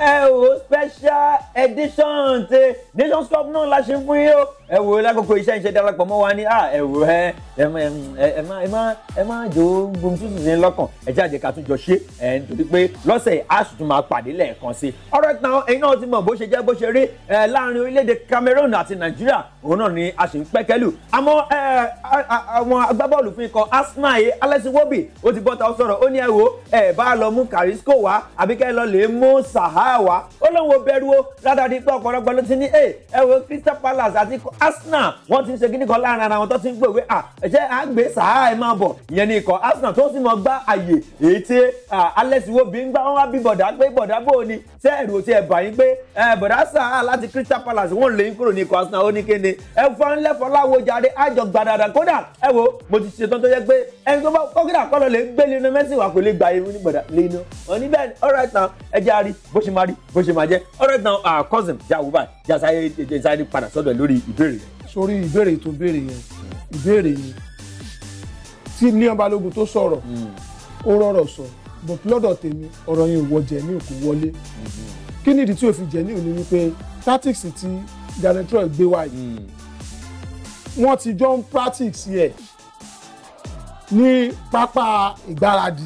ẹ wò special edition ti nations cup náà la ṣe fún yín o ẹ wò lákòókò iṣẹ́ ìṣe darapọ̀ mọ́ wa ní à ẹ wò ẹ ẹ má ẹ má ẹ má jò gbòm tútù sí lọ́kàn ẹ jáde ká tún jọ ṣe ẹ nítorí pé lọ́sẹ̀ àṣù tún máa pàdé lẹ́ẹ̀kan sí ọ̀rọ̀ ìtàn ẹ̀yin náà ti mọ̀ bó ṣe jẹ́ bó ṣe rí láàrin orílẹ̀-èdè Cameroon àti Nàìjíríà òun náà ni a sì ń pẹ́kẹ́lù àmọ́ àwọn agbábọ́ọ̀lù fún ikọ̀ Arsenal yìí Alex Iwobi ó ti bọ́ta ó sọ̀rọ̀ ó ní ẹ wo ẹ bá lọ mú Carrasco wá àbí kẹ́ ẹ lọ lè mú Saha wá ó lóun ò bẹ̀rù o látàrí pé ọ̀pọ̀lọpọ̀ ló ti ní ẹ ẹ wo Crystal Palace àti Arsenal wọ́n ti ń ṣe kíní kan láàrin ara wọn tó ti ń gbèwé à ṣé à ń gbé Saha ẹ máa bọ̀ ìyẹn ni ikọ̀ Arsenal tó sì mọ gbá àyè èyí tí Alex Iwobi ń gbá wọn wá bí bọ̀dá pé bọ̀dá bò ni ṣé ẹ̀rù ti ẹ̀ bà yín pé bọ̀dá Saha láti Crystal Palace wọ́n lè ń kúrò ní ikọ̀ Arsenal ó ní kéde ni ẹ fọ ńlẹ fọláwo jáde àjọ gbàdàdà kódà ẹ wo mo ti ṣetán tó yẹ pé ẹni tó bá kókìdà kọlọ lè gbé lẹ́nu mẹsìn wà kó lè gba irun nígbàdà lẹ́nu òní bẹ́ẹ̀ ni ọ̀rọ̀ ìtàn ẹjẹ àárí bó ṣe máa rí bó ṣe máa jẹ ọ̀rọ̀ ìtàn àkọsìn jáwó báyìí jásáyé jásáyé padà sọ́dọ̀ lórí ìbéèrè yẹn. sórí ìbéèrè tó béèrè yẹn ìbéèrè yẹn tí Leon Balogun tó sọ̀rọ̀ hmm. ó rọrọ̀ sọ but lọ́dọ̀ tèmi ọ̀rọ̀ yẹn wọ jẹ ní òkú wọlé hmm. kí nìdí tí òfin jẹ ní òní wípé tactics ti Janet Troy gbé wá yìí hmm. wọ́n ti jọ ń practice yẹ ní pápá ìgbáradì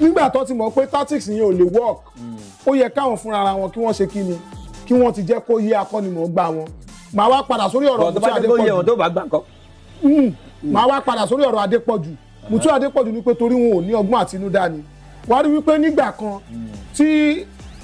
nígbà tó ti mọ̀ pé tactics yẹn ò lè work hmm. ó yẹ káwọn fúnra ara wọn kí wọ́n ṣe kí ni kí wọ́n ti jẹ́ kó yé akọ́nimọ̀ọ́gbà wọn màá wá padà sórí ọ̀rọ̀ Mutu Adépọ̀jù hmm. màá wá padà sórí ọ̀rọ̀ Adépọ̀jù Mutu Adépọ̀jù ni pé torí wọn ò ní ọgbọ́n àtinúdá ni wàá rí wípé nígbà kan tí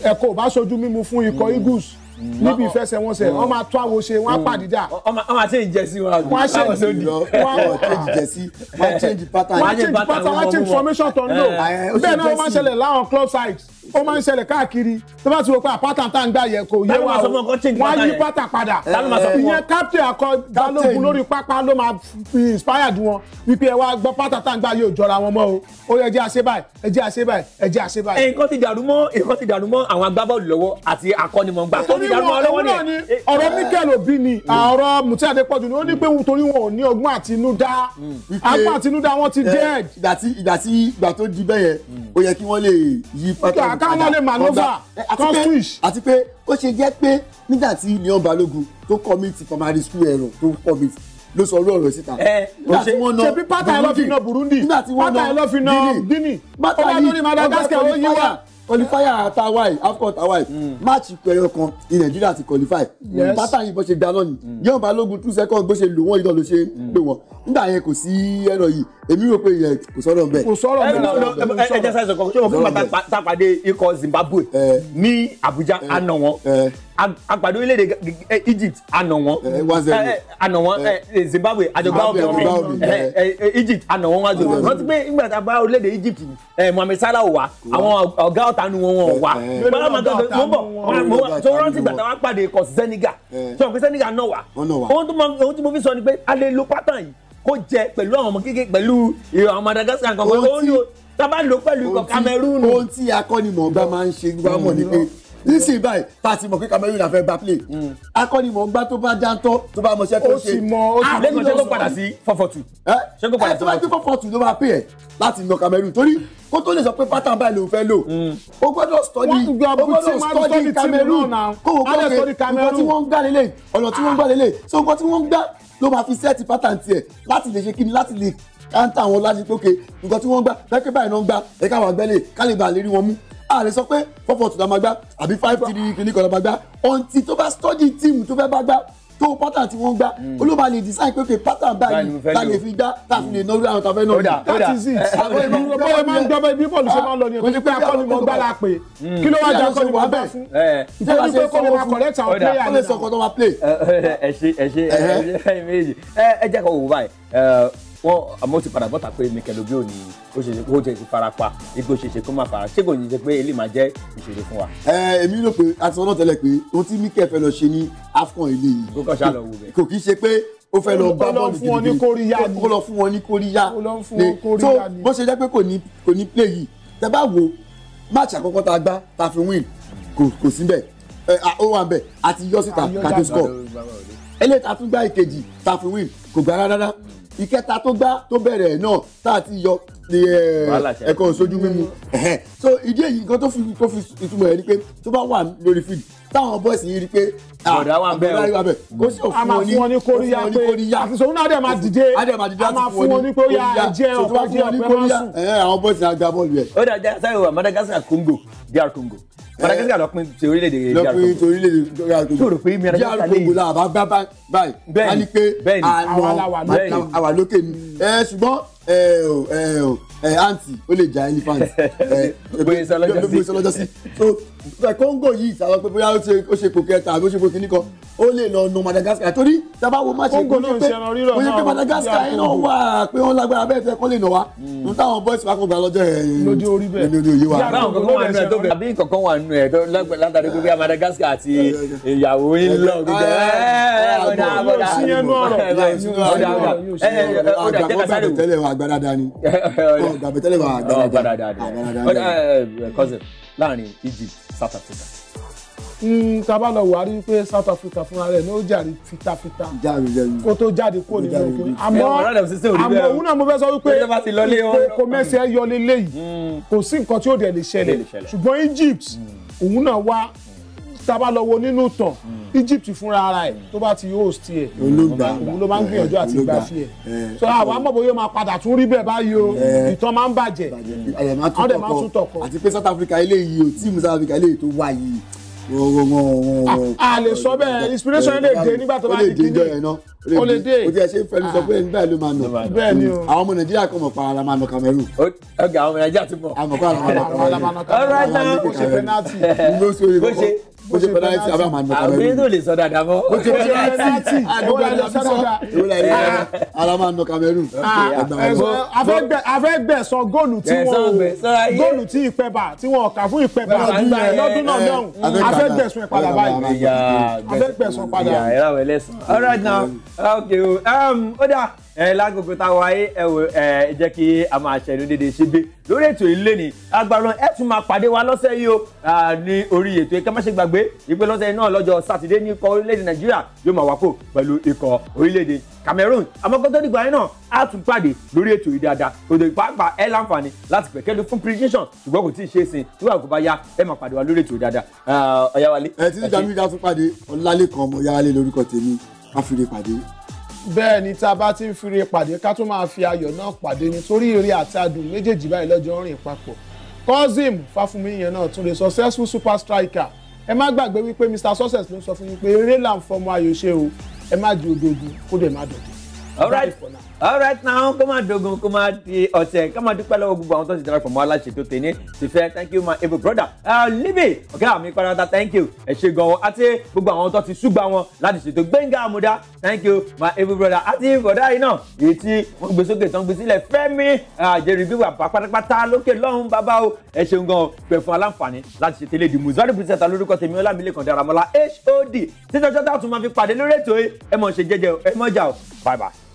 ẹ̀kọ́ ò bá ṣojú mímu fún ikọ̀ Eagles Mm. níbi ìfẹsẹ̀wọnsẹ̀ mm. wọ́n máa tún àwo ṣe wọ́n á mm. pàdíjà. wọ́n á change jersey wọn àgbẹ̀ wọ́n á change wọ́n á change jersey wọ́n á change pattern wọ́n á change pattern wọ́n á change formation tó ń lò bẹ́ẹ̀ náà wọ́n máa ṣẹlẹ̀ láwọn club sites ó máa ń ṣẹlẹ̀ káàkiri tó bá ti rò pé àpáta tá ń gbà yẹ kò yé wa o wọ́n á yí pátá padà ìyẹn captain akọ balógun lórí pápá ló máa fi inspired wọn wípé ẹ wá gbọ́ pátá tá ń gbà yóò jọra wọn mọ́ o ó yẹ ẹjẹ́ àṣẹ báyìí ẹjẹ́ àṣẹ báyìí ẹjẹ́ àṣẹ báyìí. nǹkan ti dàrú mọ́ nǹkan ti dàrú mọ́ àwọn agbábọ́ọ̀lù lọ́wọ́ àti akọ́nimọ̀ọ́gbà tó ti dàrú mọ́ lọ́wọ́ ni. ọ̀rọ̀ Mikel Obi ni ọ̀rọ̀ Muti Adepoju ni ó ní pé torí wọn ò ní ọgbọ́n àtinúdá agbọ́n hmm. àtinúdá wọn ti dead. ìgbà tí ìgbà tó di bẹ́yẹn ó yẹ kí wọ́n lè yí pátá káwọn náà lè manova kan switch. àti pé ó ṣe jẹ́ pé nígbà tí Leon Balogun tó commit primary school ẹ̀rọ tó commit ló sọ orí ọ̀rọ̀ síta. ṣebí pátá ẹ lọ fi na Burundi pátá ẹ lọ fi na Guinea ó dá lórí Madagascar ó yí wa qualifier ta wáyé afcon ta wáyé máàcì pẹ̀rẹ̀ kan ní nàìjíríà ti qualify pátá yìí bó ṣe gbaná ni yóò hmm. bá lógun two seconds bó ṣe lò wọ́n ìdán ló ṣe hmm. pé wọ́n nígbà yẹn kò sí ẹ̀rọ yìí èmi rò pé yẹn kò sọ̀rọ̀ bẹ́ẹ̀. kò sọ̀rọ̀ bẹ́ẹ̀ ẹ jẹ́ sáyẹ̀sì kan ṣé wọ́n fún bàtà pàdé ikọ̀ Zimbabwe eh. ní Abuja, eh. àná wọn eh àgbàdo orílẹ̀ de Egypt àná wọn àná wọn Zimbabwe àjọgbá ọ̀bì Egypt àná wọn wájú wọn ti pé nígbà tá a bá orílẹ̀-èdè Egypt Mohammed Salah ò wá àwọn ọ̀gá ọ̀tá nu wọn ò wá bọ́lá máa gbọ́dọ̀ mo bọ̀ tó rántí gbàtà wá pàdé kọ̀ Senegal tí wọn pé Senegal náà wà ohun tí mo fi sọ ni pé a lè lo pátán yìí kó jẹ pẹ̀lú àwọn ọmọ kékeré pẹ̀lú àwọn Madagascar kan pé ó ń lo tá a bá lò pẹ̀lú Cameroon. ohun tí akọ́nimọ̀ọ́gbá máa ń ṣe gbámọ̀ ni pé nísìnyí báyìí tá a ti mọ̀ pé Cameroon àfẹ́ gba play mm. akọ́nimọ̀ ń gbá tó bá jántọ́ tó bá mọṣẹ́ tó ṣe. ó ti mọ ó ti ah, lẹ́kọ̀ọ́ ṣé kó padà sí four four two. ẹ ṣé kó padà sí four four two. ẹ tó bá gbé four four two ló máa pè ẹ láti lọ Cameroon torí kó tó lè sọ pé pátán báyìí lòun fẹ́ lò. ó mm. gbọ́dọ̀ study ó gbọ́dọ̀ study Cameroon kó wò pé nǹkan tí wọ́n ń gbá lélẹ̀ ọ̀nà tí wọ́n ń gbá lélẹ̀ so nǹkan tí wọ́n ń gbá ló máa fi sẹ́ẹ̀tì pátán tiẹ̀ láti lè ṣe kíni láti lè káńtà wọn láti gbókè nǹkan tí wọ́n ń gbá bẹ́ẹ̀ pé báyìí náà ń gbá ẹ̀ka àwọn àgbẹ̀lẹ̀ kálíbà lè rí wọn mú a lè sọ pé four four two la máa gbá àbí five three kìíní kan la máa gbá until tó bá study team tó fẹ́ bá gbá tó pattern tí wọ́n gbá olóòmà lè design pé pé pattern báyìí ta lè fi gbá ta fi lè náwó àwọn tàfẹ́ náà. that is it àwọn ìmọ̀ bọ́ọ̀ máa ń gbọ́ bí bọ́ọ̀lù ṣe máa ń lọ nìyẹn tó pé akọ́ni mọ̀ gbá la pé kí ló wá jẹ́ akọ́ni mọ̀ bá fún ìfẹ́ pé kọ́ lè máa correct àwọn player náà. ẹ ṣe ẹ ṣe ẹ ṣe ẹ méjì ẹ jẹ́ kó wò báyìí wọ́n àmọ́ ti padà bọ́ta pé mikelobi ò ní ó ṣe kó ṣe farapa igbó ṣe ṣe kó má fara ṣé kò ní ṣe pé eléyìí máa jẹ́ ìṣòro fún wa. ẹ èmi rò pé a ti sọ náà tẹ́lẹ̀ pé ohun tí mike fẹ́ lọ ṣe ní afcon ilé yìí kò kì í ṣe pé ó fẹ́ lọ bá bọ́ọ̀lù gidigidi kó lọ fún wọn ní kóríyá ni tó bó ṣe jẹ́ pé kò ní play yìí tẹ bá wo match àkọ́kọ́ tá a gbá tá a fi win kò síbẹ̀ ó wà bẹ̀ àti yọ síta kàdé score eléyìí tá a tún gbá tá a fi win kò gbá ìkẹta tó gbá tó bẹ̀rẹ̀ náà tá a ti yọ Eh, ẹ̀kọ́ sojú mímu so ìdí èyí nǹkan tó fi tó fi ìtumọ̀ ẹ̀ ni pé tó bá wà lórí field táwọn bọ́ọ̀sì yìí rí pé ah, bọ̀dá wà bẹ́ẹ̀ o kó sì ò fún wọn ní kóríyá pé àfisòwò náà dẹ̀ máa dìde a máa fún wọn ní kóríyá ẹ̀jẹ̀ ọ̀pá jẹ́ ọ̀pẹ́ máa sùn. àwọn bọ́ọ̀sì náà gba bọ́ọ̀lù yẹn. ó dàjà sáré wa Madagascar Congo DR Congo eh, Madagascar lọ́pin ti orílẹ̀-èdè DR Congo lọ́pin ti orílẹ̀-èdè DR Congo tó rò pé Madagascar lè DR Congo la àbá gbá báyìí báyìí báyìí àwa lókè ni eh, ṣùgbọ́n ẹ o ẹ o ẹ aunty ó lè ja elephant ẹ bóyá sọlọjọ sí so Congo yìí sàlọ pé bóyá ó ṣe ipò kẹta àbí ó ṣe ipò kìíní kan ó lè lọ nu Madagascar torí tábà wo máṣe kó ní pé kó ní pé Madagascar yìí náà wà pé wọ́n lágbára bẹ́ẹ̀ fẹ́ kọ́ lè nà wá hmm. n táwọn boys wa kò gbà lọ́jọ́ yẹn lójú orí bẹ́ẹ̀ lójú òye wa. yàrá nǹkan wà nù ẹ̀ tó bẹ̀ àbí nǹkan wà nù ẹ̀ tó látàrí pé Madagascar àti ìyàwó yín lọ gbígbẹ́ ọ̀dà ọ̀dà ọ̀dà ọ̀dà ọ̀dà ọ̀dà láàrin Egypt South Africa tá bá lọ wà á rí pé South Africa fúnra rẹ̀ ní ó jàre fitafita kó tó jáde kó nínú òkè àmọ́ àmọ́ òun náà mo fẹ́ sọ wípé kò mẹ́sẹ̀ yọ lélẹ̀ yìí hmm. kò sí nǹkan tí ó dẹ̀ lè ṣẹlẹ̀ ṣùgbọ́n Egypt hmm. òun náà wá hmm. tá bá lọ wo nínú tàn Egypt fúnra ara ẹ̀ tó bá ti host ẹ̀ òun ló máa ń gbìyànjú àti gbà sí ẹ̀ so àwọn amọ̀bòye máa padà tún rí bẹ́ẹ̀ báyìí o ìtàn máa ń bàjẹ́ ọ̀dẹ̀ máa tún tọkọ àti pé South Africa eléyìí o tíìmù South Africa eléyìí tó wá yìí a ah, ah, lè sọ bẹ́ẹ̀ inspiration lè dé nígbà tó bá di kíní o lè dé o ti ẹ ṣe fẹnu sọ pé ah. nígbà ló máa nà bẹ́ẹ̀ ni o hmm. àwọn ọmọ nàìjíríà kan mọ̀ pa ara Cameroon. ọgá àwọn ọmọ nàìjíríà ti mọ̀. àmọ̀ pa ara Cameroon. ọ̀rọ̀ ẹ̀ náà kò ṣe penalty bó ṣe pẹnalti abẹ́ àmà nùkàmẹ́rù. àwọn ènìyàn lè sọ dáadáa mọ́. bó ṣe pẹnalti àdúgbò àti àfisọ ìwé ẹ̀yẹ alama nùkàmẹ́rù. afẹ́ gbẹ̀ sọ góòlù tí wọ́n góòlù tí ìpẹ́bà tí wọ́n kà fún ìpẹ́bà lọ́dún náà lọ́hùn afẹ́ gbẹ̀sùn ìpadà báyìí afẹ́ gbẹ̀sùn ìpadà. all right now okay ó dáa ẹ lágbègbè táwa ayé ẹ wò ẹ jẹ́ kí a máa ṣẹ̀nu dédé ṣe gbé lórí ètò ilé ni agbára ẹ tún máa pàdé wa lọ́sẹ̀ yìí o ní orí ètò ẹ ká má ṣe gbàgbé ìpè lọ́sẹ̀ náà lọ́jọ́ sátidé ní ikọ̀ orílẹ̀-èdè nàìjíríà yóò máa wákò pẹ̀lú ikọ̀ orílẹ̀-èdè cameroon àmọ́kọ́tọ́ nígbà yẹn náà a tún pàdé lórí ètò yìí dáadáa òdò ìpàápà ẹ láǹfààní láti pẹ̀kẹ́dùn fún precision ṣùgbọ́n kò tí ì ṣe é sin nígbà kó bá yá ẹ máa pàdé wa lórí ètò yìí dáadáa ọ̀yáwálé. ẹ títí dàmídà tún pàdé ọlálẹ́kan ọmọ yáálé lórúkọ tèmi káfíńdé pàdé bẹ́ẹ̀ ni tá a bá ti ń fire pàdé ká tún máa fi ayọ̀ náà pàdé nítorí eré àti adùn méjèèjì báyìí lọ́jọ́ ń rìn papọ̀ Kozim Fáfúnmi yẹn náà tún lè successful super striker ẹ má gbàgbé wípé Mr Success ló ń sọ fún yín pé eré là ń fọmọ ayò ṣe o ẹ má di òdòdó kó dẹ̀ má dọ̀dọ̀ all right all right now kó máa dogun kó máa di ọ̀sẹ̀ ká máa dúpẹ́ lọ́wọ́ gbogbo àwọn tó ti darapọ̀ mọ́ aláṣetò tèmi ti fẹ́ thank you my able brother ah, Libby ọ̀gá mi parata thank you ẹ ṣé gan wọn àti gbogbo àwọn tó ti súgbà wọn láti ṣètò Gbẹ́ngà Àmúdá thank you my able brother àti bọ̀dá yìí náà èyí tí wọ́n gbé sókè tán gbé sílẹ̀ Fẹ́mi àjẹrì gbígbà pátápátá lókè lọ́hùn bàbá o ẹ ṣeun gan pẹ̀ fún aláǹfààní láti ṣètò ilé ìdìbò zari pírísẹ̀tà lórúkọ tèmi Ọlámilékan Dáramọ́lá HOD títọ́jọ́ tá a tún máa fi pàdé lórí ètò ẹ mọ̀ ṣe jẹ́jẹ́ ẹ mọ̀ jà o bye bye.